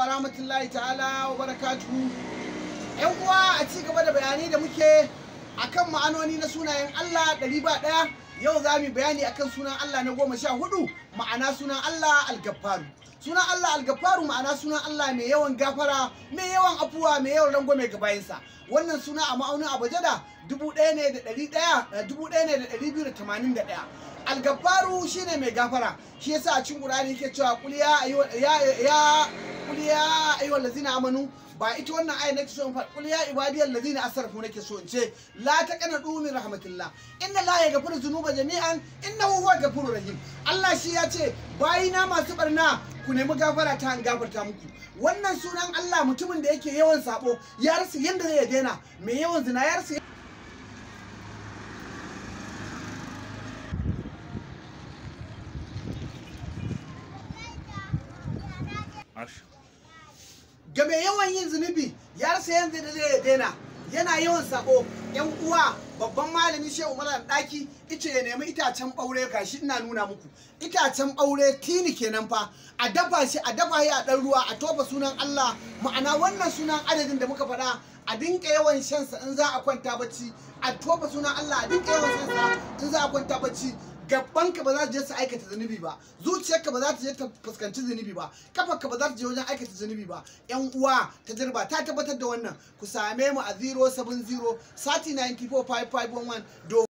wa rahmatullahi ta'ala wa barakatuhu yan uwa a ci gaba da bayani da muke akan ma'anoni na sunayen Allah ɗari ba ɗaya yau za mu bayani akan sunan Allah na goma sha hudu ma'ana sunan Allah algaffaru sunan Allah algaffaru ma'ana sunan Allah mai yawan gafara mai yawan afuwa mai yawan rango mai gabayinsa wannan suna a ma'aunin abajada dubu ɗaya ne da ɗari ɗaya eh, dubu ɗaya ne da ɗari biyu da tamanin da ɗaya algaffaru shine mai gafara shi yasa a cikin ƙur'ani yake cewa kul ya ya kul ya ayyuhal ladzina amanu ba ita wannan aya nake so in faɗi kul ya ibadiyal ladzina asrafu nake so in ce la taqnatu min rahmatillah inna la yaghfiru dhunuba jami'an innahu huwa ghafurur rahim Allah shi ya ce bayina masu barna ku nemi gafara ta an gafarta muku wannan sunan Allah mutumin da yake yawan sabo ya rasa yanda zai daina mai yawan zina ya rasa Acho. ga mai yawan yin zunubi ya rasa yanzu da zai daina yana yawan sako yan uwa babban malami shehu malam daki ice ya nemi itacen ɓaure gashi ina nuna muku itacen ɓaure tini kenan fa a dafa shi a dafa shi a dan ruwa a tofa sunan Allah ma'ana wannan sunan adadin da muka faɗa a dinka yawan shansa in za a kwanta bacci a tofa sunan Allah a dinka yawan shansa in za a kwanta bacci gabanka ba za ta je su aikata zunubi ba zuciyarka ba za ta je ta fuskanci zunubi ba kafarka ba za ta je wajen aikata zunubi ba yan uwa ta jirba ta tabbatar da wannan ku same mu a 070 3094 do.